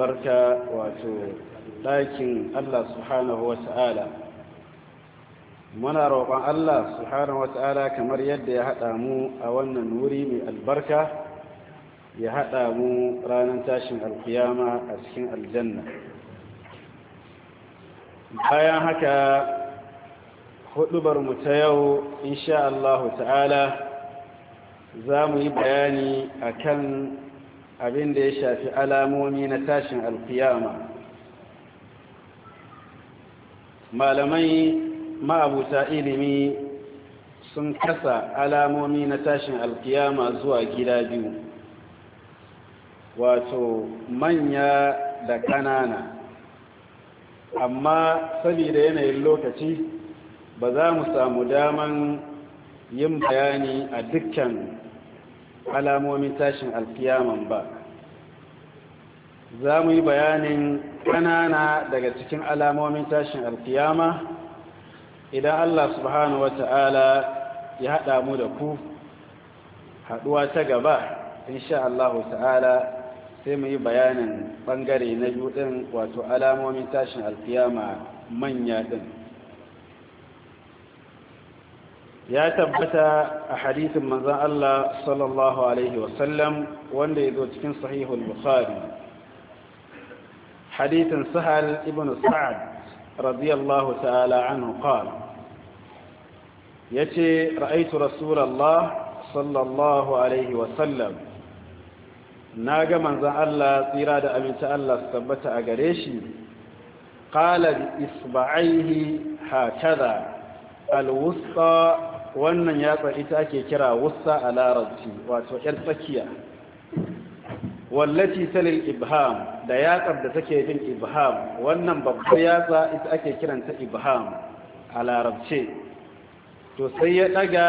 albarka wato ɗakin Allah subhanahu wa ta'ala muna roƙon Allah subhanahu wa ta'ala kamar yadda ya haɗa mu a wannan wuri mai albarka ya haɗa mu ranar tashin alkiyama a cikin aljanna bayan haka huɗubarmu ta yau insha Allah ta'ala za mu yi bayani akan abin da ya shafi alamomi na tashin alkiyama malamai ma'abuta ilimi sun kasa alamomi na tashin alkiyama zuwa gida biyu wato manya da kanana amma saboda yanayin lokaci ba za mu samu daman yin bayani a dukkan alamomin tashin alkiyaman ba za mu yi bayanin ƙanana daga cikin alamomin tashin alkiyama idan Allah subhanahu wa ta'ala ya haɗa mu da ku haɗuwa ta gaba insha allahu ta'ala sai mu yi bayanin ɓangare na biyu ɗin wato alamomin tashin alkiyama manya ɗin ya tabbata a hadisin manzan Allah sallallahu Alaihi wasallam wanda ya zo cikin sahihul Bukhari hadisin sahal ibn sa'ad radiyallahu ta'ala anhu qala yace ra'aitu rasulallah sallallahu Alaihi wasallam na ga manzan Allah tsira da aminta Allah su tabbata a gare shi qala bi isba'aihi hakaza wannan ya yatsa ita ake kira wussa a larabci wato ‘yar tsakiya wallaci talil ibham da yatsar da take bin ibham wannan babbar yatsa ita ake kiranta ibham a larabce to sai ya ɗaga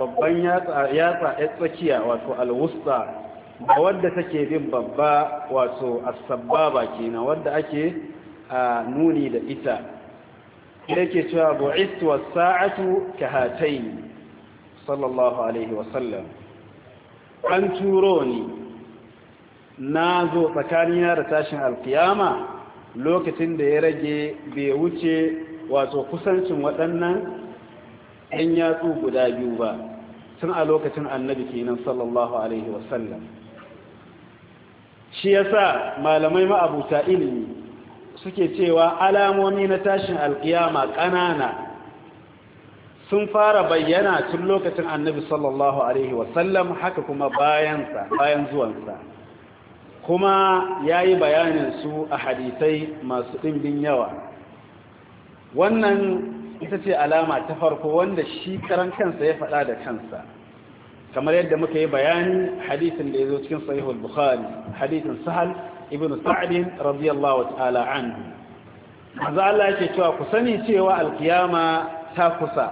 babban yatsa ‘yar tsakiya wato alwusta da wadda take bin babba wato asabbaba kenan wadda ake a nuni da ita yake cewa bu'istu was-sa'atu kahatayn sallallahu alaihi wasallam an turo ni nazo tsakanina da tashin alkiyama lokacin da ya rage bai wuce wato kusancin waɗannan ɗan yatsu guda biyu ba tun a lokacin annabi kenan sallallahu alaihi wasallam shi yasa malamai ma'abuta ilimi suke cewa alamomi na tashin alkiyama ƙanana sun fara bayyana tun lokacin annabi sallallahu alaihi wasallam haka kuma bayansa bayan zuwansa kuma ya yi bayaninsu a hadisai masu ɗimbin yawa wannan ita ce alama ta farko wanda shi karan kansa ya faɗa da kansa kamar yadda muka yi bayani hadisin da ya zo cikin sahihul bukhari hadisin sahal ibn sa'adin radiyallahu ta'ala anhu maza Allah yake cewa ku sani cewa alkiyama ta kusa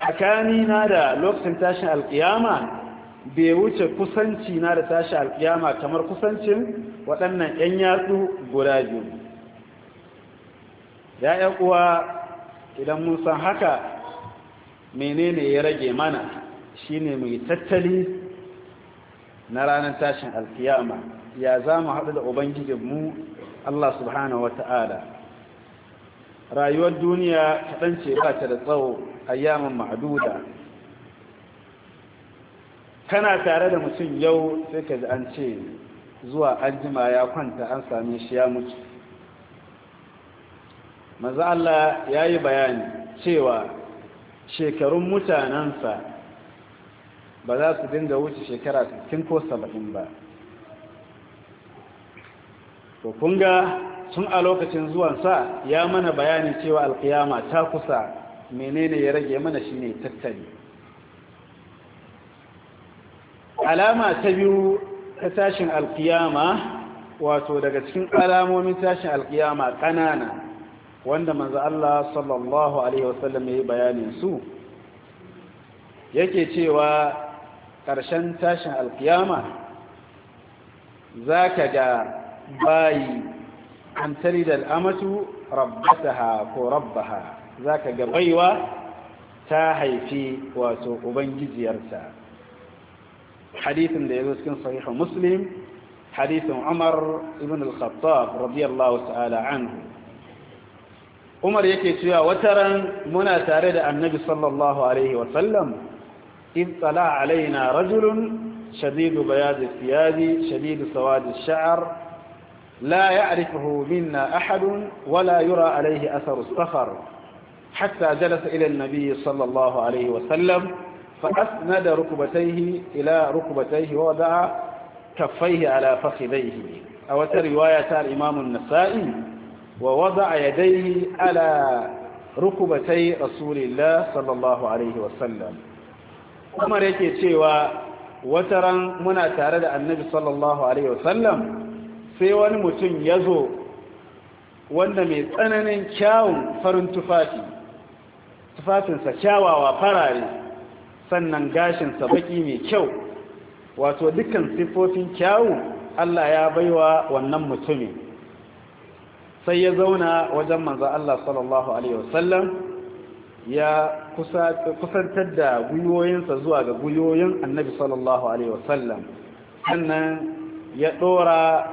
tsakani na da lokacin tashin alkiyama bai wuce kusanci na da tashin alkiyama kamar kusancin waɗannan 'yan yatsu guda biyu ya uwa idan mun san haka menene ya rage mana shine mai tattali na ranar tashin alkiyama ya za mu haɗu da ubangijinmu Allah subhanahu wata'ala rayuwar duniya kaɗan ce ba ta da tsawo ayyaman ma'aduda kana tare da mutum yau sai ka ji an ce zuwa an ya kwanta an same shi ya mutu maza Allah ya yi bayani cewa shekarun mutanensa ba za su dinga wuce shekara 60 ko 70 ba to kun ga tun a lokacin zuwansa ya mana bayani cewa alkiyama ta kusa menene ya rage mana shine tattali alama ta biyu ta tashin alkiyama wato daga cikin alamomin tashin alkiyama kanana wanda manzo Allah sallallahu alaihi wasallam ya yi bayanin su yake cewa ƙarshen tashin alkiyama za ka ga bayi an tari da al'amatu rabbataha ko rabbaha za ka ga baiwa ta haifi wato ubangijiyarta hadisin da ya zo cikin sahihu muslim hadisin umar ibn al-khattab radiyallahu ta'ala anhu umar yake cewa wataran muna tare da annabi sallallahu alaihi wasallam إذ طلع علينا رجل شديد بياض الثياب شديد سواد الشعر لا يعرفه منا أحد ولا يرى عليه أثر السفر حتى جلس إلى النبي صلى الله عليه وسلم فأسند ركبتيه إلى ركبتيه ووضع كفيه على فخذيه أو رواية الإمام النسائي ووضع يديه على ركبتي رسول الله صلى الله عليه وسلم umar yake cewa wata ran muna tare da annabi sallallahu alaihi wasallam sai wani mutum ya zo wanda mai tsananin kyawun farin tufafi tufafinsa kyawawa farare sannan gashinsa baki mai kyau wato dukkan siffofin kyawun Allah ya baiwa wannan mutumin sai ya zauna wajen manzo Allah sallallahu alaihi wasallam ya kusantar da gwiwoyinsa zuwa ga gwiwoyin annabi sallallahu alaihi wasallam sannan ya ɗora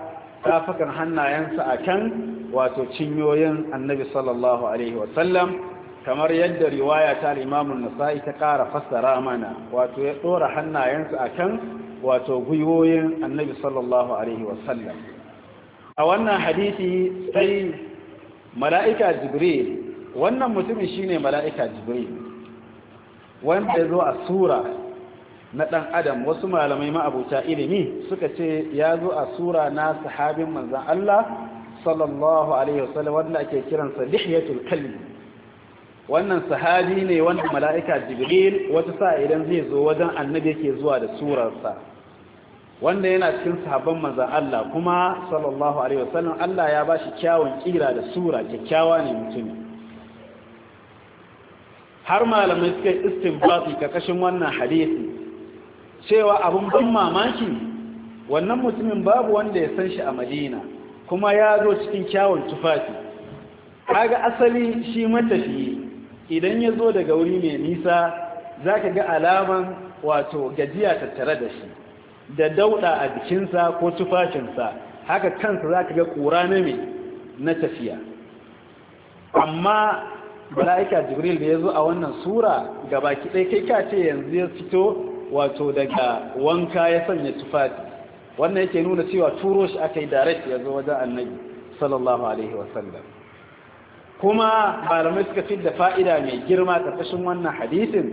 tafukan hannayensa a kan wato cinyoyin annabi sallallahu alaihi wasallam kamar yadda riwaya ta limamun nasa'i ta ƙara fassara mana wato ya ɗora hannayensa a kan wato gwiwoyin annabi sallallahu alaihi wasallam a wannan hadisi sai mala'ika jibril wannan mutumin shine mala'ika jibril wanda ya zo a sura na ɗan adam wasu malamai ma'abuta ilimi suka ce ya zo a sura na sahabin manzan Allah sallallahu alaihi wasallam wanda ake kiransa lihiyatul kalbi wannan sahabi ne wanda mala'ika jibril wata sa idan zai zo wajen annabi yake zuwa da surarsa wanda yana cikin sahabban manzan Allah kuma sallallahu alaihi wasallam Allah ya bashi kyawun kira da sura kyakkyawa ne mutum har malamai suka yi istinbati kashin wannan hadisi cewa abun ban mamaki wannan mutumin babu wanda ya san shi a madina kuma ya zo cikin kyawun tufafi kaga asali shi matafi idan ya zo daga wuri mai nisa za ka ga alaman wato gajiya tattare da shi da dauɗa a jikinsa ko tufafinsa haka kansa za ka ga ƙura na mai na tafiya amma mala'ika jibril da ya zo a wannan sura ga baki ɗaya kai ka ce yanzu ya fito wato daga wanka ya sanya tufafi wannan yake nuna cewa turo shi aka yi direct ya zo wajen annabi sallallahu alaihi wasallam kuma malamai suka fi da fa'ida mai girma ƙarƙashin wannan hadisin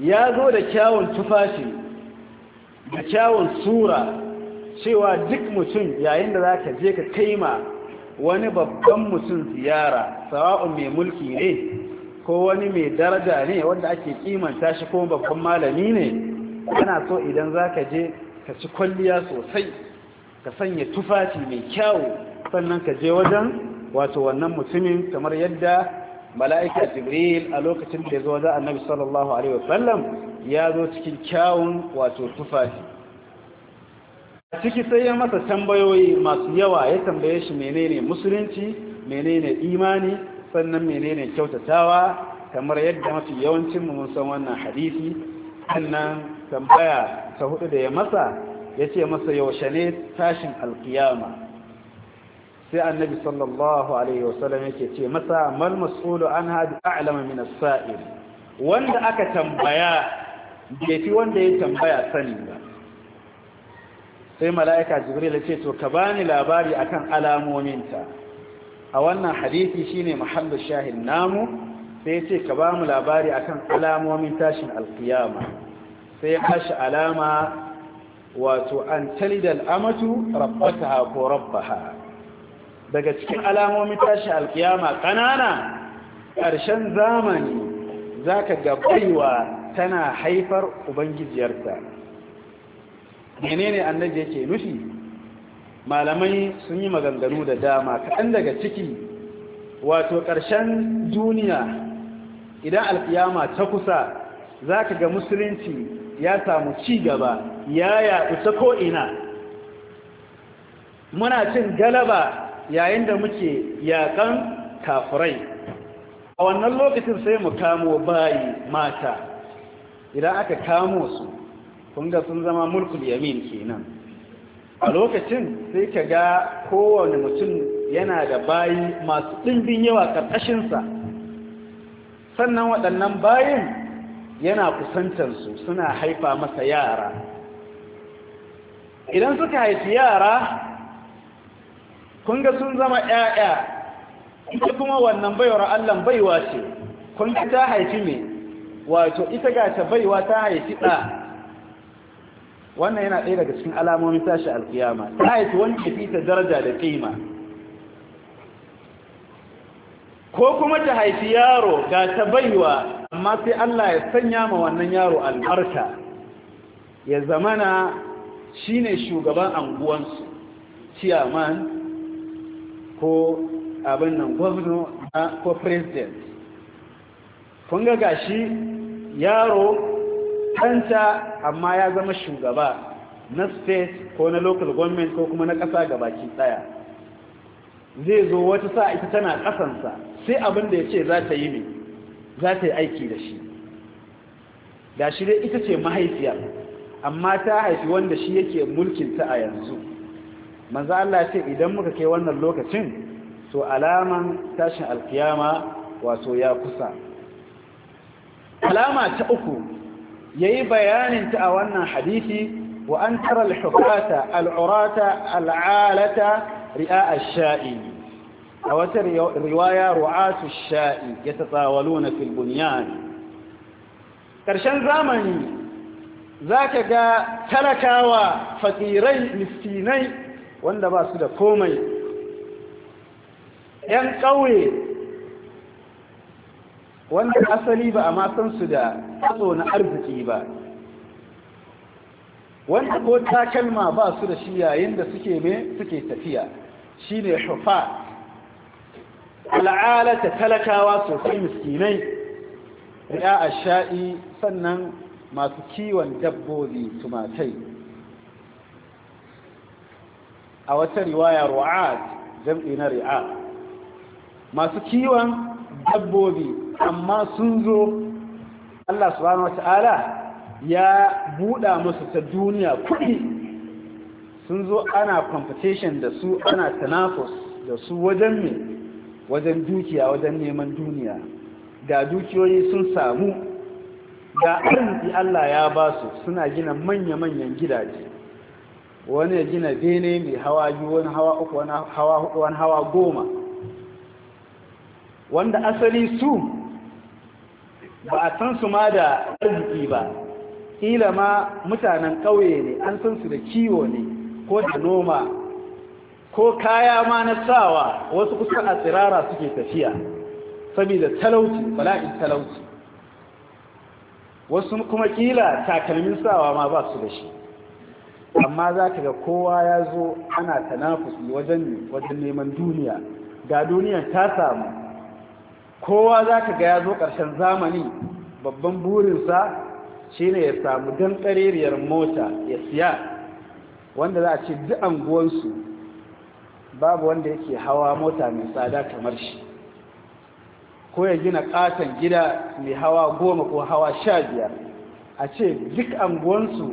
ya zo da kyawun tufafi da kyawun sura cewa duk mutum yayin da za ka je ka kaima wani babban mutum ziyara sawa'un mai mulki ne ko wani mai daraja ne wanda ake kimanta shi ko babban malami ne ana so idan za ka je ka ci kwalliya sosai ka sanya tufafi mai kyau sannan ka je wajen wato wannan mutumin kamar yadda mala'ika jibril a lokacin da ya zo wajen annabi sallallahu alaihi wasallam ya zo cikin kyawun wato tufafi A ciki sai ya masa tambayoyi masu yawa ya tambaye shi menene musulunci menene imani sannan menene kyautatawa kamar yadda mafi yawancin mun san wannan hadisi sannan tambaya ta hudu da ya masa ya ce masa yaushe ne tashin alkiyama sai annabi sallallahu alaihi wasallam yake ce masa mal mas'ulu an hadu a'lama min as-sa'il wanda aka tambaya bai fi wanda ya tambaya sani ba sai mala'ika jibril ce to ka bani labari akan alamominta a wannan hadisi shine mahallu shahin namu sai ce ka ba mu labari akan alamomin tashin alkiyama sai kashi alama wato an talidal amatu rabbataha ko rabbaha daga cikin alamomin tashin alkiyama kanana ƙarshen zamani zaka ga baiwa tana haifar ubangijiyarta menene annabi yake nufi malamai sun yi maganganu da dama kaɗan daga ciki wato ƙarshen duniya idan alkiyama ta kusa za ka ga musulunci ya samu ci gaba ya yaɗu ta ko'ina muna cin galaba yayin da muke yaƙan kafurai. a wannan lokacin sai mu kamo bayi mata idan aka kamo su kun da sun zama mulkul yamin kenan a lokacin sai ka ga kowane mutum yana da bayi masu ɗimbin yawa ƙarƙashinsa sannan waɗannan bayin yana kusantansu suna haifa masa yara idan suka haifi yara kun ga sun zama ƴaƴa ita kuma wannan baiwar allon baiwa ce kun ta haifi me wato ita ga ta baiwa ta haifi ɗa wannan yana ɗaya daga cikin alamomin tashi alkiyama ta haifi wani ke ta daraja da ƙima ko kuma ta haifi yaro ga ta baiwa amma sai Allah ya sanya ma wannan yaro albarka ya zamana shi ne shugaban anguwansu chairman ko abin nan gwamna ko president kun ga gashi yaro kanta amma ya zama shugaba na state ko na local government ko kuma na ƙasa baki ɗaya zai zo wata sa ita tana ƙasansa sai abin da ya ce za ta yi ne za ta yi aiki da shi da shi dai ita ce mahaifiya amma ta haifi wanda shi yake mulkinta a yanzu manzo Allah ce idan muka kai wannan lokacin to alaman tashin alkiyama wato ya kusa alama ta uku yayi bayanin ta a wannan hadisi wa an tara al-hukata al ri'a a shai a wata riwaya ru'atu ya shai yatatawaluna fil bunyan karshen zamani zaka ga talakawa fakirai miskinai wanda ba su da komai ‘yan ƙauye wanda asali ba a ma su da tsatso na arziki ba wanda ko takalma ba su da shi yayin da suke me suke tafiya shine hufa al'alata talakawa sosai miskinai ri'a asha'i sannan masu kiwon dabbobi tumatai a wata riwaya ru'at jam'i na ri'a masu kiwon dabbobi amma sun zo Allah subhanahu wata'ala ya buɗa musu ta duniya kuɗi sun zo ana competition da su ana tanafus da su wajen ne? wajen dukiya wajen neman duniya da dukiyoyi sun samu da arziki Allah ya ba su suna gina manya-manyan gidaje wani ya gina bene mai hawa biyu wani hawa uku wani hawa wani hawa goma wanda asali su ba a san su ma da arziki ba Ƙila ma mutanen ƙauye ne an san su da kiwo ne ko da noma ko kaya ma na sawa wasu kusa a tsirara suke tafiya saboda talauci bala'in talauci wasu kuma ƙila takalmin sawa ma ba su da shi amma za ka ga kowa ya zo ana tanafusi wajen neman duniya ga duniyan ta samu kowa za ka ga ya zo ƙarshen zamani babban burinsa shi ne ya samu don ƙaririyar mota ya siya wanda za a ce duk anguwansu babu wanda yake hawa mota mai tsada kamar shi ko ya gina ƙaton gida mai hawa goma ko hawa sha biyar a ce duk anguwansu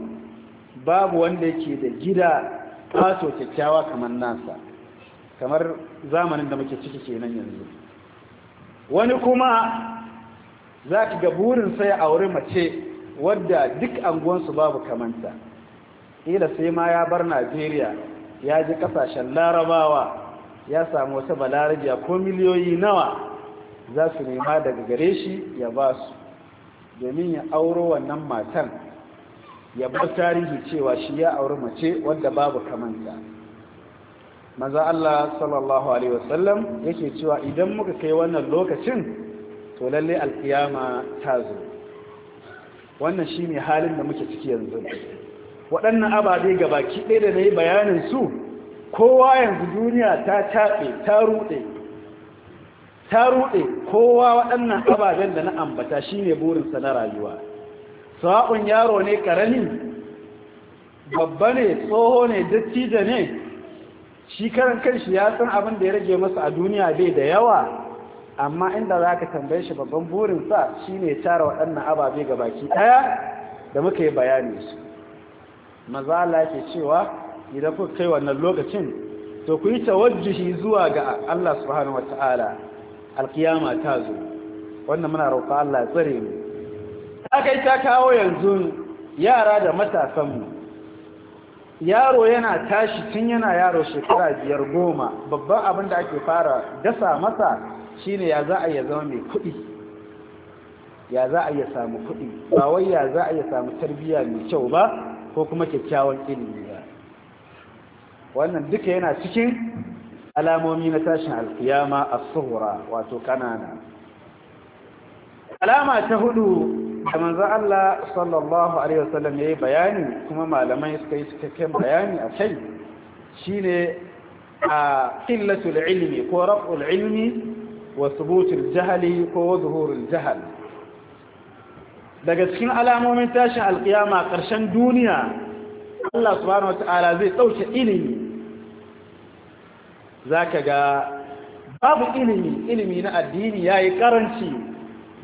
babu wanda yake da gida ƙato kyakkyawa kamar nasa kamar zamanin da muke ciki kenan yanzu wani kuma za ka ga burinsa ya auri mace wadda duk anguwansu babu kamanta ila sai ma ya bar najeriya ya ji kasashen larabawa ya samu wata balarajiya ko miliyoyi nawa za su nema daga gare shi ya ba su domin ya auro wannan matan ya bar tarihi cewa shi ya auri mace wadda babu kamanta Maza Allah sallallahu alaihi wasallam yake cewa idan muka kai wannan lokacin to lalle alkiyama ta zo wannan shi ne halin da muke ciki yanzu waɗannan ababe baki ɗaya da na yi bayanin su kowa yanzu duniya ta taɓe ta ruɗe ta ruɗe kowa waɗannan ababen da na ambata shi ne burinsa na rayuwa sa'un yaro ne ƙarami babba ne tsoho ne dattijo ne shi karan kanshi ya san abin da ya rage masa a duniya bai da yawa amma inda za ka tambaye shi babban burinsa shi ne tara waɗannan ababe ga baki ɗaya da muka yi bayani su mazala ke cewa idan kuka kai wannan lokacin to ku yi tawajjuhi zuwa ga Allah subhanahu wata'ala alkiyama ta zo wannan muna roƙa Allah tsare mu akai ta kawo yanzu yara da matasanmu yaro yana tashi tun yana yaro shekara biyar goma babban abin da ake fara dasa masa shine ya za a ya zama mai kuɗi ya za a ya samu kuɗi ba wai ya za a ya samu tarbiyya mai kyau ba ko kuma kyakkyawan ilimi ba wannan duka yana cikin alamomi na tashin alkiyama a suhura wato ƙanana. alama ta hudu da manzo Allah sallallahu alaihi wasallam yayi bayani kuma malamai suka yi cikakken bayani a kai shine a qillatul ilmi ko raf'ul ilmi wa thubutul jahli ko zuhurul jahal daga cikin alamomin tashin alkiyama karshen duniya Allah subhanahu ta'ala zai ɗauke ilimi zaka ga babu ilimi ilimi na addini yayi ƙaranci.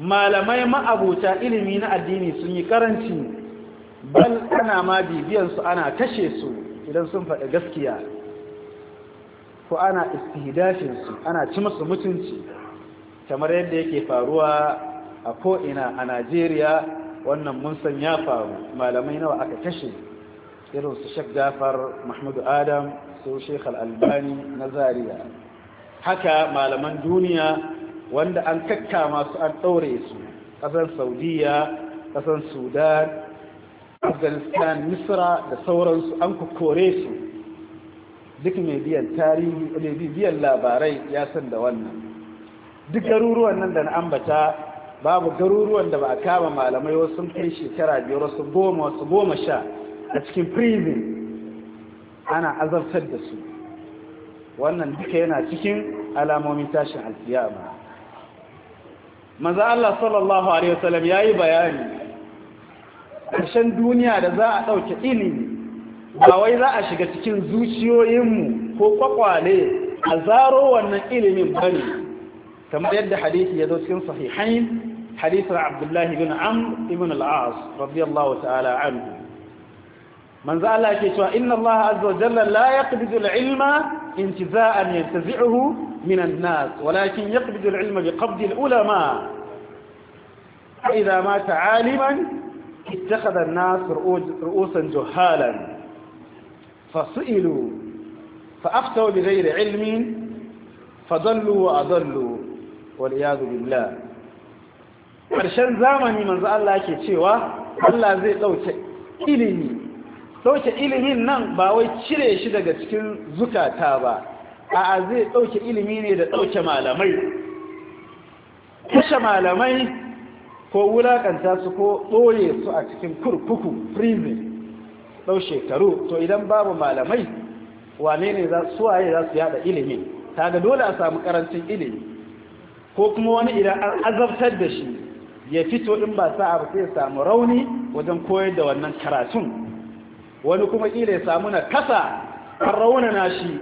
malamai ma'abuta ilimi na addini sun yi karanci bal ana ma bibiyansu ana kashe su idan sun faɗi gaskiya ko ana istihidashinsu ana ci masu mutunci kamar yadda yake faruwa a ko'ina a najeriya wannan mun san ya faru malamai nawa aka kashe irin su shek jafar mahmudu adam su shekhal albani na zaria haka malaman duniya wanda an kakka masu an ɗaure su ƙasar saudiya ƙasar sudan afghanistan misra da sauransu an kukore su duk mai biyan tarihi mai biyan labarai ya san da wannan duk garuruwan nan da na ambata babu garuruwan da ba a kama malamai wasu sun kai shekara biyar wasu goma wasu goma sha a cikin prison ana azabtar da su wannan duka yana cikin alamomin tashin alkiyama maza Allah sallallahu alaihi wasallam yayi bayani ƙarshen duniya da za a ɗauke ilimi ba wai za a shiga cikin zuciyoyinmu ko kwakwale a zaro wannan ilimin bane kamar yadda hadithi ya zo cikin sahihain hadithar Abdullahi bin am ibn al radiyallahu ta'ala anhu manzo Allah ke cewa inna Allah azza wa jalla la yaqbidu al-ilma انتزاعا ينتزعه من الناس ولكن يقبض العلم بقبض العلماء فإذا مات عالما اتخذ الناس رؤوسا جهالا فسئلوا فأفتوا بغير علم فضلوا وأضلوا والعياذ بالله ƙarshen من manzo الله كي cewa الله زي قوتي ilimi ɗauke ilimin nan ba wai cire shi daga cikin zukata ba a zai ɗauke ilimi ne da ɗauke malamai kashe malamai ko wulaƙanta su ko ɗoye su a cikin kurkuku prison ɗau shekaru to idan babu malamai wane ne za su waye za su yada ilimi kaga dole a samu karancin ilimi ko kuma wani idan an azabtar da shi ya fito in ba sa'a ba sai ya samu rauni wajen koyar da wannan karatun wani kuma ƙila ya samu na kasa har na shi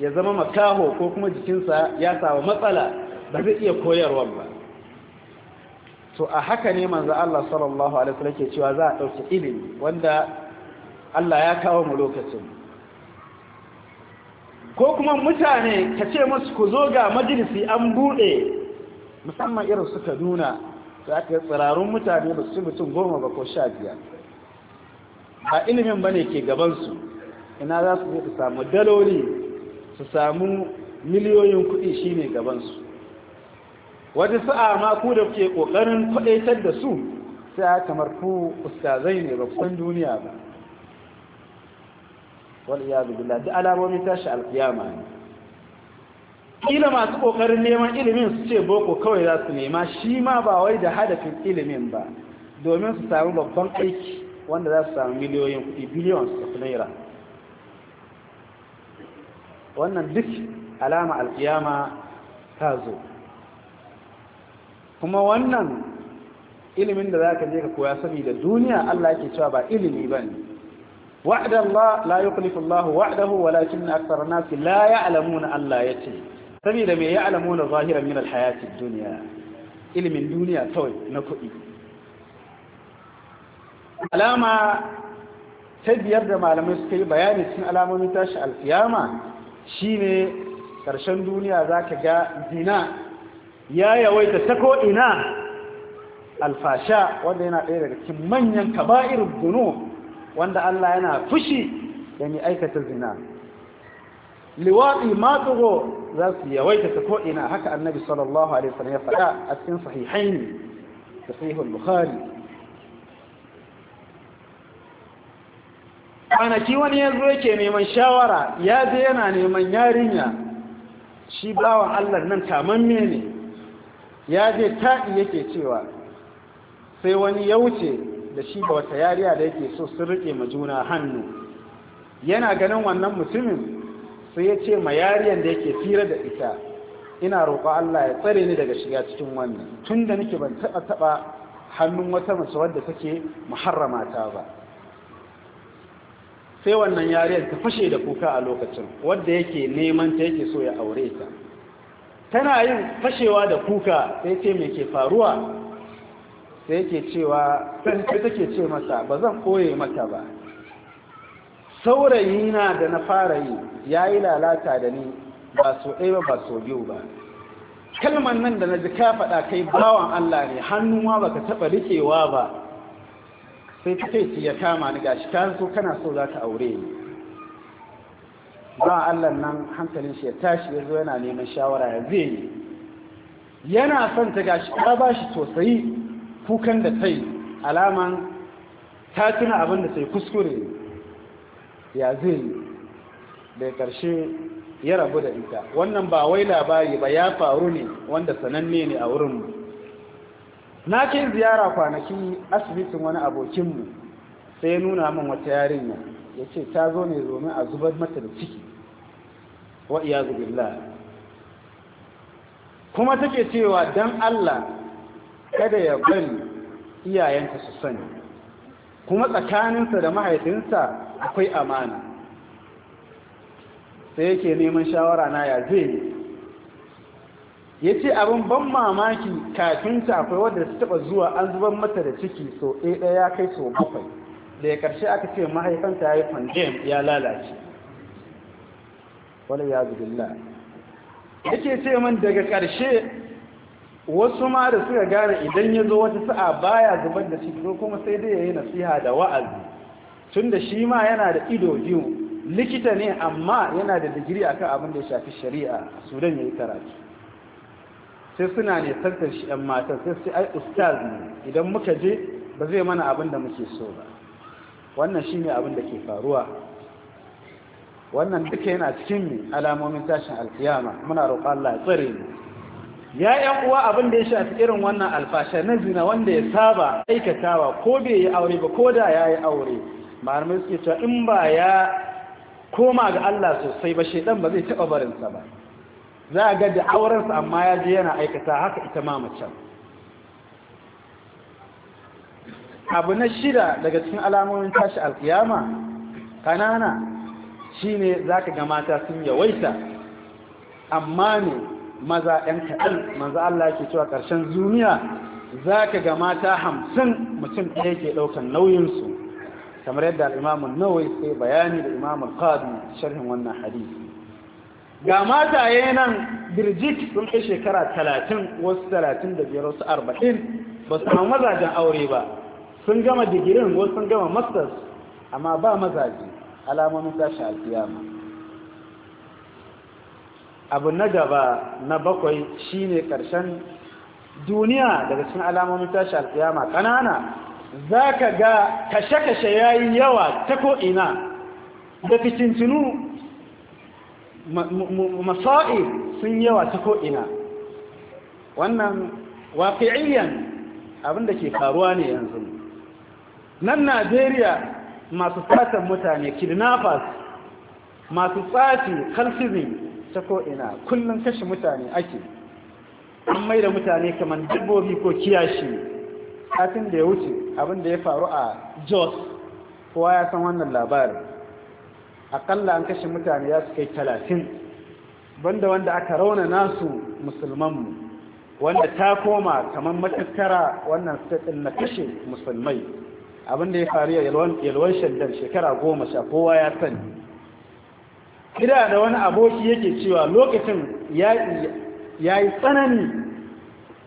ya zama makaho ko kuma jikinsa ya samu matsala ba zai iya koyarwa ba to a haka ne manzo Allah sallallahu alaihi wasallam ke cewa za a dauki ilimi wanda Allah ya kawo mu lokacin ko kuma mutane ka ce musu ku zo ga majalisi an buɗe musamman irin su Kaduna za ka tsirarun mutane ba su mutum goma ba ko sha biyar ba ilimin bane ke gabansu ina za su su samu daloli su samu miliyoyin kuɗi shine gabansu wata sa'a ma ku da ke ƙoƙarin kwaɗaitar da su sai kamar ku ustazai ne babban duniya ba ya billah duk alamomin tashi alkiyama ne kila masu kokarin neman ilimin su ce boko kawai za su nema shi ma ba wai da hadafin ilimin ba domin su samu babban aiki wanda za su samu miliyoyin kuɗi billions of naira wannan duk alama alkiyama ta zo kuma wannan ilimin da za ka je ka koya saboda duniya Allah ke cewa ba ilimi ba ne wa'ada Allah la yukhlifu Allah wa'dahu walakin na an-nas la na Allah yace saboda me ya'lamuna zahiran min al-hayati ad ilimin duniya kawai na kuɗi alama ta biyar da malamai suka yi bayani cikin alamomin tashi Alfiyama shine ƙarshen duniya za ka ga zina ya yawaita ta ina alfasha wanda yana ɗaya daga cikin manyan kaba'irin guno wanda Allah yana fushi da mai aikata zina liwaɗi matsugo za su yawaita ta ina haka annabi sallallahu alaihi wasallam ya faɗa a cikin sahihaini da sahihul bukhari kwanaki wani ya zo yake neman shawara ya je yana neman yarinya shi bawan allah nan tamamme ne ya je taɗi yake cewa sai wani ya wuce da shi ba wata yariya da yake so sun riƙe ma juna hannu yana ganin wannan mutumin sai ya ce ma yariyan da yake tsira da ita ina roƙo Allah ya tsare ni daga shiga cikin wannan tun da nake ban taɓa taɓa hannun wata mace wadda take muharrama ta ba sai wannan yariyar ta fashe da kuka a lokacin wadda yake neman ta yake so ya aure ta tana yin fashewa da kuka sai ce mai ke faruwa sai yake cewa sai take ce mata, ba zan koye mata ba saurayi na da na fara yi ya yi lalata da ni ba so ɗaya ba ba so biyu ba kalman nan da na ji ka faɗa kai bawan Allah ne hannu ba ka taɓa riƙewa ba sai ta ya kama ni gashi ta zo kana so za ta aure ni ba Allah nan hankalin shi ya tashi ya zo yana neman shawara ya zai yi yana son ta gashi ta ba shi sosai, kukan da ta alaman ta tuna abin da sai kuskure ya zai yi da karshe ya rabu da ita wannan ba wai labari ba ya faru ne wanda sananne ne a wurin mu. na ke ziyara kwanakin asibitin wani abokinmu sai ya nuna min wata yarinya ya ce ta zo ne domin a zubar mata da ciki wa iyazu billah kuma take cewa don Allah kada ya bari iyayenta su sani kuma tsakaninsa da mahaifinsa akwai amana sai yake neman shawara na ya zai ya ce abin ban mamaki kafin ta akwai wadda su taba zuwa an zuban mata da ciki so ɗaya ɗaya ya kai so bakwai da ya karshe aka ce mahaifanta ya yi fandem ya lalace Wani ya zubilla ya ce ce min daga karshe wasu ma da suka gane idan ya zo wata sa'a baya zubar da ciki ko kuma sai dai ya yi nasiha da wa'azi tun da shi ma yana da ido biyu likita ne amma yana da digiri akan abin da ya shafi shari'a sudan ya yi karatu sai suna ne tantar shi ‘yan matan sai sai ai ustaz ne idan muka je ba zai mana abin da muke so ba wannan shi ne abin da ke faruwa wannan duka yana cikin ne alamomin tashin alkiyama muna roƙon Allah ya tsare mu ya ‘yan uwa abin da ya shafi irin wannan alfasha na zina wanda ya saba aikatawa ko bai yi aure ba ko da ya yi aure malamai suke cewa in ba ya koma ga Allah sosai ba shaidan ba zai taɓa barinsa ba za a ga da aurensa amma ya je yana aikata haka ita ma abu na shida daga cikin alamomin tashi alkiyama kanana ne za ka ga mata sun yawaita amma ne maza 'yan kaɗan maza Allah ke cewa ƙarshen zuniya za ka ga mata hamsin mutum ɗaya ke ɗaukan nauyinsu kamar yadda al'imamun nawai sai bayani da imamun qadi sharhin wannan hadisi ga mataye nan birjik sun kai shekara talatin wasu talatin da biyar wasu arba'in ba su samu mazajen aure ba sun gama digirin wasu sun gama masters amma ba mazaje alamomin tashi alfiyama. abu na gaba na bakwai shine karshen duniya daga cikin alamomin tashi alfiyama kanana za ka ga kashe-kashe yayi yawa ta ko'ina da fitintinu masa'i sun yawa ta ko'ina wannan abin abinda ke faruwa ne yanzu nan najeriya masu tsatan mutane kidnappers masu tsati kalsizi ta ko'ina kullum kashe mutane ake an mai da mutane kamar dabbobi ko kiyashi Kafin da ya wuce abinda ya faru a jos kowa ya san wannan labarin akalla an kashe mutane ya su kai talatin banda wanda aka rauna nasu musulmanmu wanda ta koma kamar matattara wannan statin na kashe musulmai abinda ya faru yalwan shaddar shekara goma sha kowa ya sani kira da wani aboki yake cewa lokacin ya yi tsanani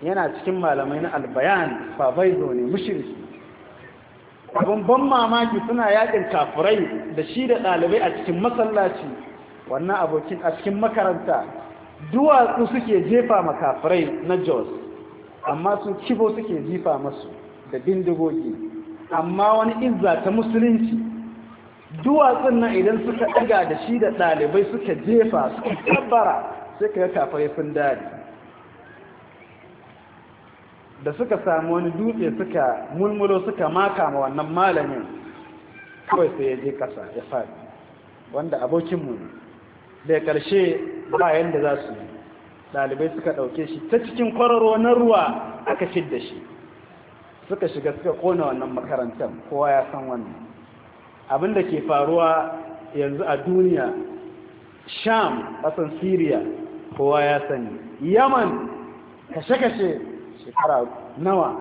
yana cikin malamai na albayan fabaido ne mushirki abin ban mamaki suna yakin kafurai da shi da ɗalibai a cikin masallaci wannan abokin a cikin makaranta duwatsu suke jefa ma kafurai na jos amma su kibo suke jifa masu da bindigogi amma wani izza ta musulunci duwatsun nan idan suka ɗaga da shi da ɗalibai suka jefa suka tabbara sai ka yi kafirai sun dadi da suka samu wani dutse suka mulmulo suka maka ma wannan malamin kawai sai ya je kasa ya faɗi wanda abokinmu ne da ƙarshe ba yadda za su yi ɗalibai suka ɗauke shi ta cikin kwararo na ruwa aka da shi suka shiga suka kona wannan makarantar kowa ya san wannan abin da ke faruwa yanzu a duniya sham ƙasan syria kowa ya sani yaman kashe-kashe shekara nawa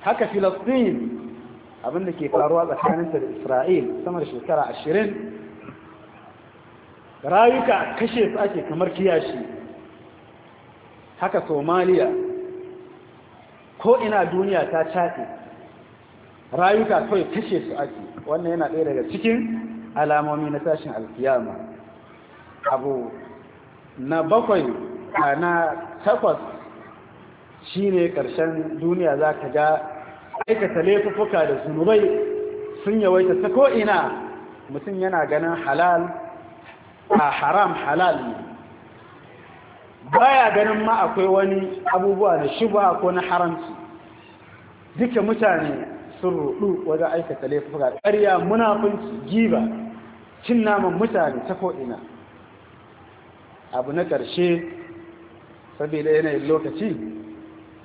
haka filistin abinda ke faruwa tsakaninta da isra'il sama da shekara ashirin rayuka kashe su ake kamar kiyashi haka somaliya ko ina duniya ta caɗe rayuka kawai kashe su ake wannan yana ɗaya daga cikin alamomi na tashin alkiyama abu na bakwai na takwas shi ne ƙarshen duniya za ka ga aikata laifuka da zunubai sun yawaita ta ko'ina mutum yana ganin halal a haram halal ne Ba ya ganin ma akwai wani abubuwa na shuba ko na haramci duka mutane sun rudu wajen aikata laifuka ƙarya munafunci giba cin naman mutane ta ko'ina abu na ƙarshe saboda yanayin lokaci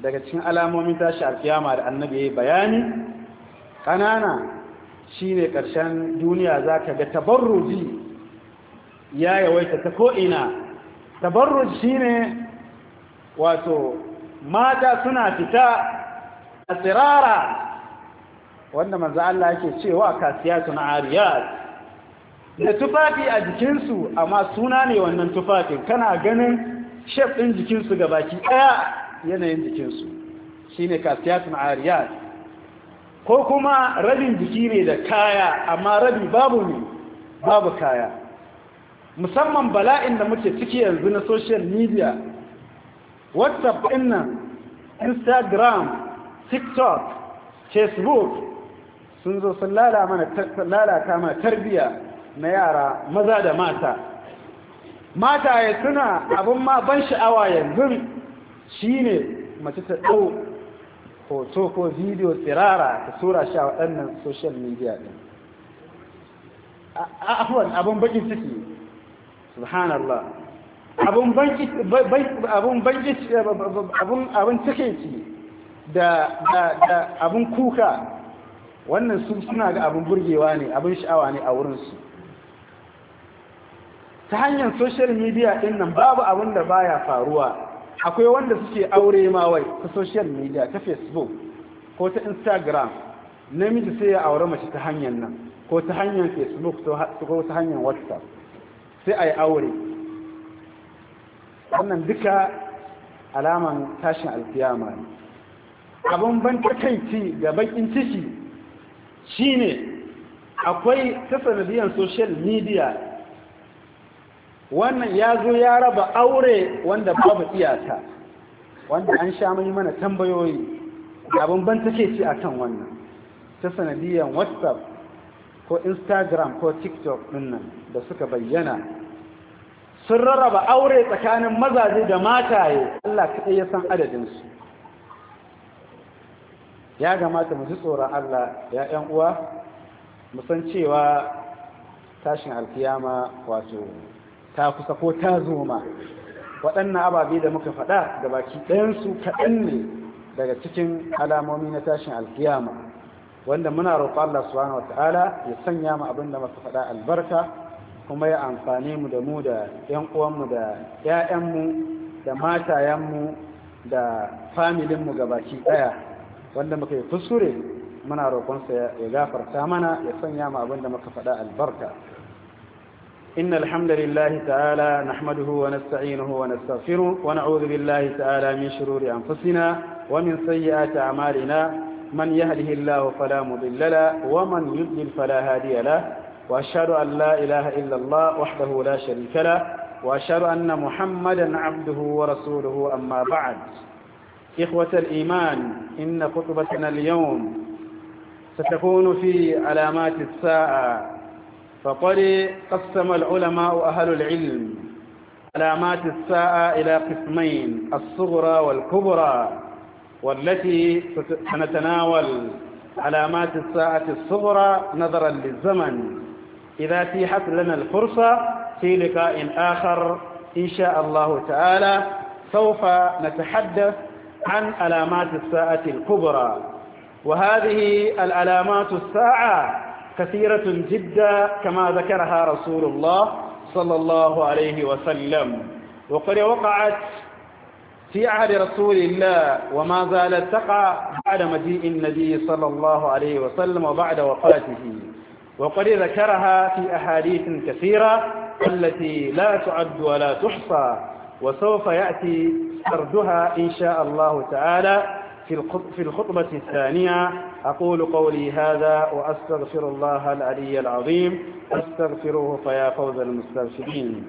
daga cikin alamomin tashi alkiyama da annabi ya bayani ƙanana ne ƙarshen duniya za ka ga tabarruji ya yawaita ta ko'ina tabarruji ne wato mata suna fita a tsirara wanda manzo Allah yake cewa kasiyatun ariyat da tufafi a jikinsu amma suna ne wannan tufafin kana ganin shef ɗin jikinsu ga baki ɗaya yanayin jikinsu shi ne kasiyat ko kuma rabin jiki ne da kaya amma rabi babu ne babu kaya musamman bala'in da muke ciki yanzu na social media whatsapp innan instagram tiktok facebook sun zo sun lalata mana tarbiya na yara maza da mata mata ya suna abin ma ban sha'awa yanzu Shi ne mace ta ɗau hoto ko video tsirara ta tura shi a waɗannan social media ɗin afuwan abin bakin ciki subhanallah abin abin ci da abin kuka wannan su suna ga abin burgewa ne abin sha'awa ne a wurinsu ta hanyar social media ɗin nan babu abin da baya faruwa akwai wanda suke aure ma wai ta social media ta facebook ko ta instagram namiji sai ya aure mace ta hanyar nan ko ta hanyar facebook ko ta hanyar whatsapp sai a yi aure wannan duka alaman tashin alfiyama ne abin ban takaici ga bakin ciki shine akwai ta sanadiyar social media wannan ya zo ya raba aure wanda babu iyaka wanda an sha mai mana tambayoyi abin ban take ci a kan wannan ta sanadiyar whatsapp ko instagram ko tiktok dinnan da suka bayyana sun rarraba aure tsakanin mazaje da mataye allah kaɗai ya san adadinsu ya gamata mu ji tsoron allah ya ‘yan uwa musan cewa tashin alkiyama wato ta kusa ko ta zoma waɗannan ababe da muka faɗa da baki ɗayansu kaɗan ne daga cikin alamomi na tashin alkiyama wanda muna roƙo Allah subhanahu wata'ala ya sanya mu abin da muka faɗa albarka kuma ya amfane mu da mu da ƴan uwanmu da ƴaƴanmu da matayenmu da familinmu baki ɗaya wanda muka yi kuskure muna roƙonsa ya gafarta mana ya sanya mu abin da muka faɗa albarka إن الحمد لله تعالى نحمده ونستعينه ونستغفره ونعوذ بالله تعالى من شرور أنفسنا ومن سيئات أعمالنا من يهده الله فلا مضل له ومن يضلل فلا هادي له وأشهد أن لا إله إلا الله وحده لا شريك له وأشهد أن محمدا عبده ورسوله أما بعد إخوة الإيمان إن خطبتنا اليوم ستكون في علامات الساعة فقد قسم العلماء أهل العلم علامات الساعة إلى قسمين الصغرى والكبرى والتي سنتناول علامات الساعة الصغرى نظرا للزمن إذا تيحت لنا الفرصة في لقاء آخر إن شاء الله تعالى سوف نتحدث عن علامات الساعة الكبرى وهذه العلامات الساعة كثيرة جدا كما ذكرها رسول الله صلى الله عليه وسلم وقد وقعت في عهد رسول الله وما زالت تقع بعد مجيء النبي صلى الله عليه وسلم وبعد وفاته وقد ذكرها في أحاديث كثيرة التي لا تعد ولا تحصى وسوف يأتي سردها إن شاء الله تعالى في الخطبة الثانية أقول قولي هذا وأستغفر الله العلي العظيم أستغفروه فيا فوز المستغفرين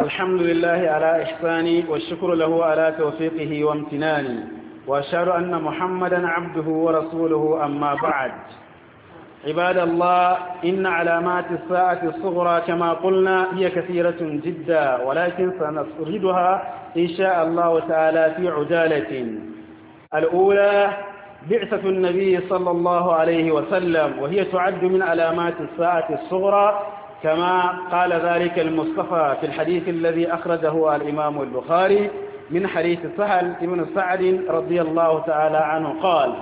الحمد لله على إحساني والشكر له على توفيقه وامتناني وأشهد أن محمدا عبده ورسوله أما بعد عباد الله إن علامات الساعة الصغرى كما قلنا هي كثيرة جدا ولكن سنفردها إن شاء الله تعالى في عجالة الأولى بعثة النبي صلى الله عليه وسلم وهي تعد من علامات الساعة الصغرى كما قال ذلك المصطفى في الحديث الذي أخرجه الإمام البخاري من حديث سهل بن سعد رضي الله تعالى عنه قال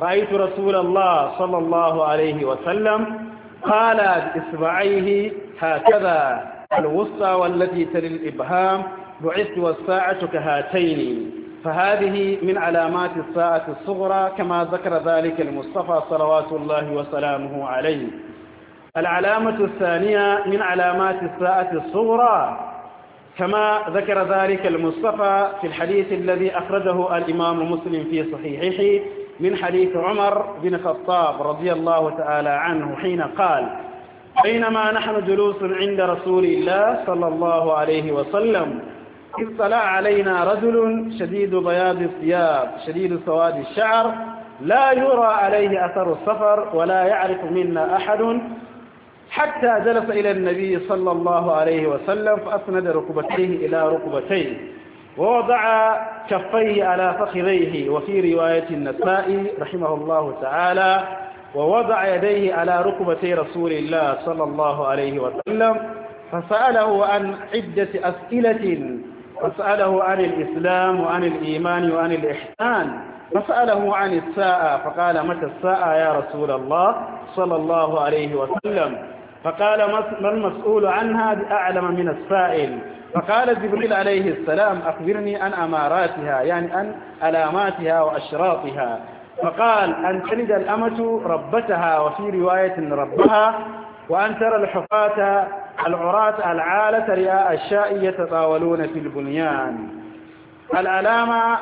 رأيت رسول الله صلى الله عليه وسلم قال بإصبعيه هكذا الوسطى والتي تلي الإبهام بعثت والساعة كهاتين فهذه من علامات الساعة الصغرى كما ذكر ذلك المصطفى صلوات الله وسلامه عليه العلامة الثانية من علامات الساعة الصغرى كما ذكر ذلك المصطفى في الحديث الذي أخرجه الإمام مسلم في صحيحه من حديث عمر بن الخطاب رضي الله تعالى عنه حين قال بينما نحن جلوس عند رسول الله صلى الله عليه وسلم إذ طلع علينا رجل شديد بياض الثياب شديد سواد الشعر لا يرى عليه أثر السفر ولا يعرف منا أحد حتى جلس إلى النبي صلى الله عليه وسلم فأسند ركبتيه إلى ركبتيه ووضع كفيه على فخذيه وفي رواية النسائي رحمه الله تعالى ووضع يديه على ركبتي رسول الله صلى الله عليه وسلم فسأله عن عدة أسئلة فسأله عن الإسلام وعن الإيمان وعن الإحسان فسأله عن الساعة فقال متى الساعة يا رسول الله صلى الله عليه وسلم فقال ما المسؤول عنها بأعلم من السائل فقال جبريل عليه السلام أخبرني عن أماراتها يعني عن علاماتها وأشراطها فقال أن تلد الأمة ربتها وفي رواية ربها وأن ترى الحفاة العراة العالة رياء الشاء يتطاولون في البنيان العلامة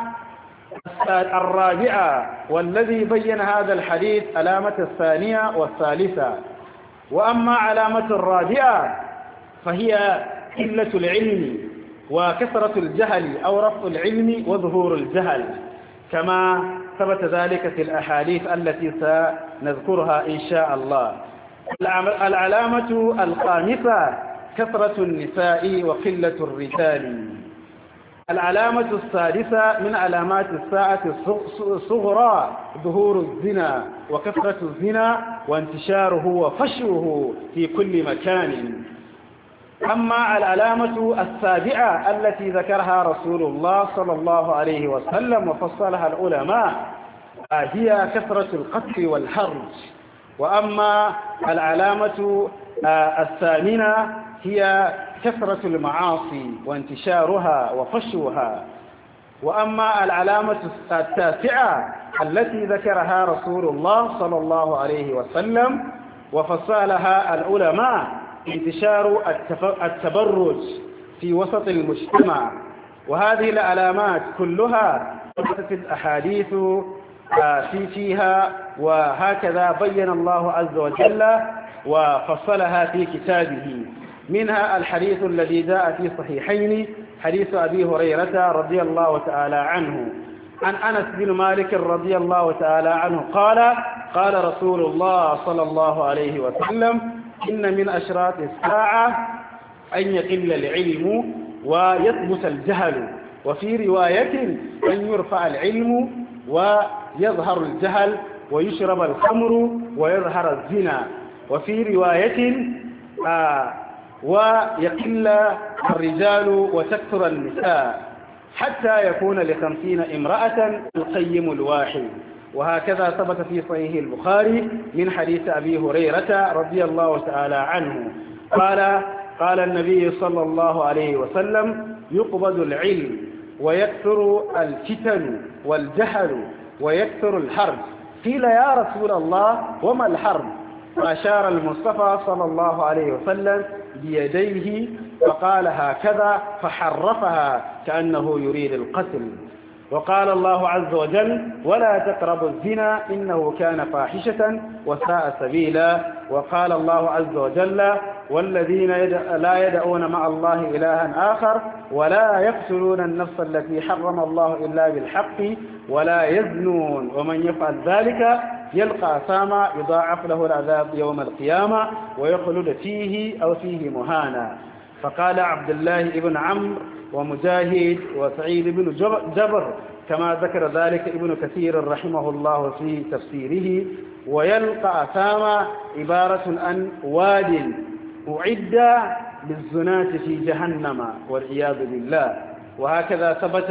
الرابعة والذي بين هذا الحديث علامة الثانية والثالثة وأما علامة الرابعة فهي قلة العلم وكثرة الجهل أو رفع العلم وظهور الجهل كما ثبت ذلك في الأحاديث التي سنذكرها إن شاء الله العلامة الخامسة كثرة النساء وقلة الرجال العلامة السادسة من علامات الساعة الصغرى ظهور الزنا وكثرة الزنا وانتشاره وفشره في كل مكان أما العلامة السابعة التي ذكرها رسول الله صلى الله عليه وسلم وفصلها العلماء هي كثرة القتل والحرج وأما العلامة آه، الثامنة هي كثرة المعاصي وانتشارها وفشوها وأما العلامة التاسعة التي ذكرها رسول الله صلى الله عليه وسلم وفصلها العلماء انتشار التبرج في وسط المجتمع وهذه العلامات كلها ثبتت الأحاديث آه، في فيها وهكذا بين الله عز وجل وفصلها في كتابه منها الحديث الذي جاء في صحيحين حديث أبي هريرة رضي الله تعالى عنه عن أنس بن مالك رضي الله تعالى عنه قال قال رسول الله صلى الله عليه وسلم إن من أشراط الساعة أن يقل العلم ويثبت الجهل وفي رواية أن يرفع العلم ويظهر الجهل ويشرب الخمر ويظهر الزنا وفي رواية آه ويقل الرجال وتكثر النساء حتى يكون لخمسين امرأة القيم الواحد وهكذا ثبت في صحيح البخاري من حديث أبي هريرة رضي الله تعالى عنه قال قال النبي صلى الله عليه وسلم يقبض العلم ويكثر الفتن والجهل ويكثر الحرب قيل يا رسول الله وما الحرب فأشار المصطفى صلى الله عليه وسلم بيديه فقال هكذا فحرفها كأنه يريد القتل وقال الله عز وجل ولا تقربوا الزنا إنه كان فاحشة وساء سبيلا وقال الله عز وجل والذين لا يدعون مع الله إلها آخر ولا يقتلون النفس التي حرم الله إلا بالحق ولا يزنون ومن يفعل ذلك يلقى أثاما يضاعف له العذاب يوم القيامة ويخلد فيه أو فيه مهانا فقال عبد الله بن عمرو ومجاهد وسعيد بن جبر كما ذكر ذلك ابن كثير رحمه الله في تفسيره ويلقى ثام عبارة عن واد أعد للزناة في جهنم والعياذ بالله وهكذا ثبت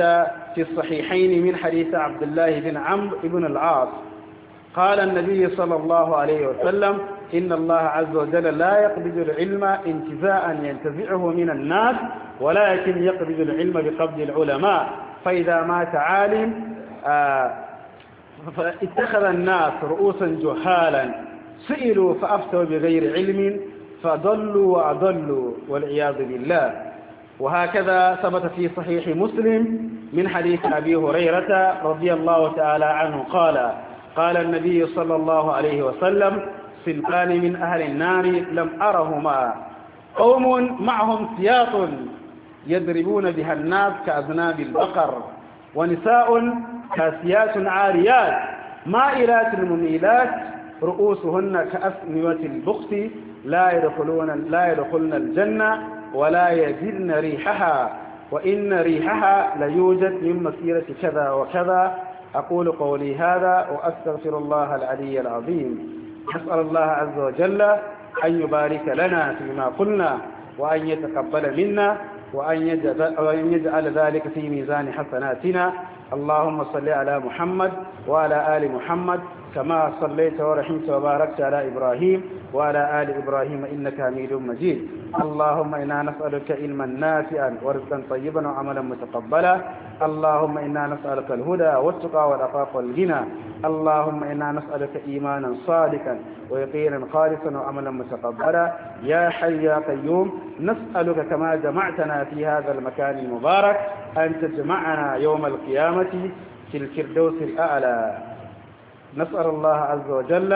في الصحيحين من حديث عبد الله بن عمرو بن العاص قال النبي صلى الله عليه وسلم إن الله عز وجل لا يقبض العلم انتزاعا ينتزعه من الناس ولكن يقبض العلم بقبض العلماء فإذا مات عالم فاتخذ آه، الناس رؤوسا جهالا سئلوا فأفتوا بغير علم فضلوا وأضلوا والعياذ بالله وهكذا ثبت في صحيح مسلم من حديث أبي هريرة رضي الله تعالى عنه قال قال النبي صلى الله عليه وسلم صنفان من أهل النار لم أرهما قوم معهم سياط يضربون بها الناس كأذناب البقر ونساء كاسيات عاريات مائلات مميلات رؤوسهن كأسنوة البخت لا يدخلون لا يدخلن الجنة ولا يجدن ريحها وإن ريحها ليوجد من مسيرة كذا وكذا أقول قولي هذا وأستغفر الله العلي العظيم نسأل الله عز وجل أن يبارك لنا فيما قلنا وأن يتقبل منا وأن يجعل ذلك في ميزان حسناتنا اللهم صل على محمد وعلى آل محمد كما صليت ورحمت وباركت على إبراهيم وعلى آل إبراهيم إنك حميد مجيد اللهم إنا نسألك علما نافعا ورزقا طيبا وعملا متقبلا اللهم إنا نسألك الهدى والتقى والعفاف والغنى اللهم إنا نسألك إيمانا صادقا ويقينا خالصا وعملا متقبلا يا حي يا قيوم نسألك كما جمعتنا في هذا المكان المبارك أن تجمعنا يوم القيامة في الفردوس الأعلى نسأل الله عز وجل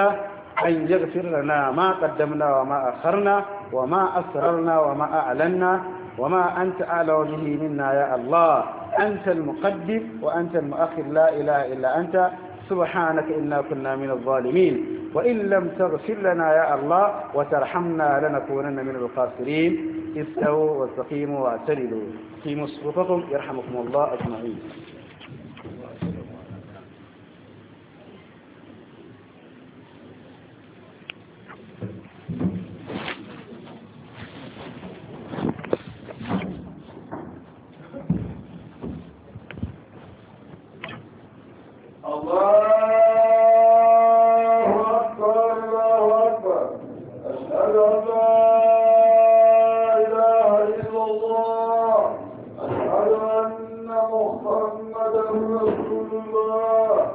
أن يغفر لنا ما قدمنا وما أخرنا وما أسررنا وما أعلنا وما أنت أعلى به منا يا الله أنت المقدم وأنت المؤخر لا إله إلا أنت سبحانك إنا كنا من الظالمين وإن لم تغفر لنا يا الله وترحمنا لنكونن من الخاسرين استووا واستقيموا واعتدلوا في مصروفكم يرحمكم الله أجمعين رسول الله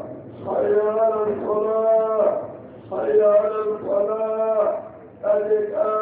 حي على الصلاة حي على الصلاة الإكرام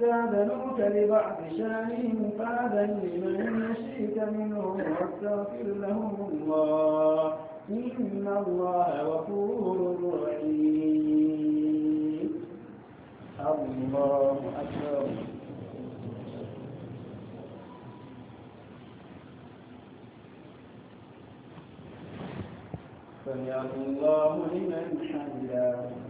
حتى ذنوك لبعض شانهم فأذن لمن يشيك منهم واستغفر لهم الله إن الله غفور رحيم الله أكبر سمع الله لمن حمده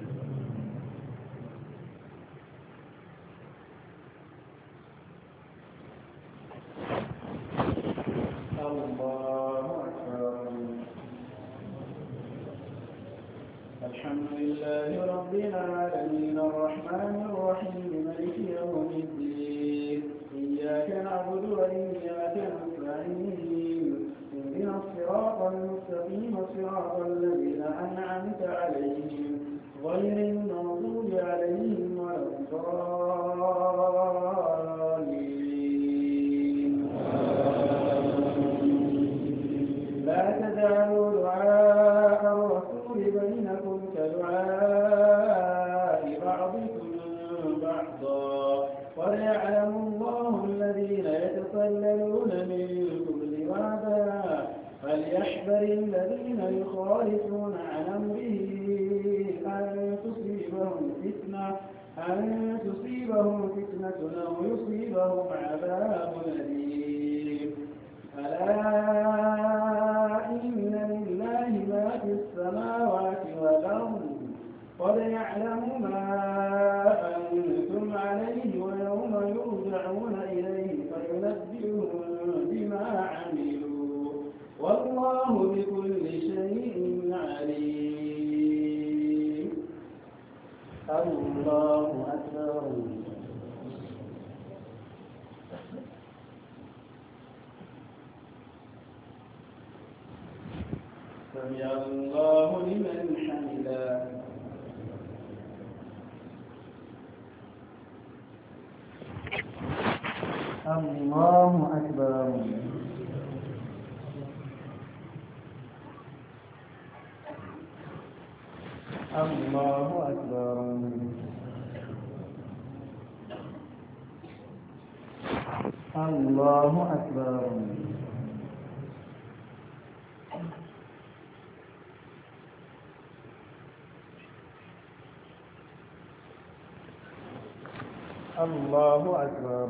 لله رب العالمين الرحمن الرحيم يوم الدين إياك نعبد وإياك نستعين اهدنا الصراط المستقيم صراط الذين أنعمت عليهم غير الله أكبر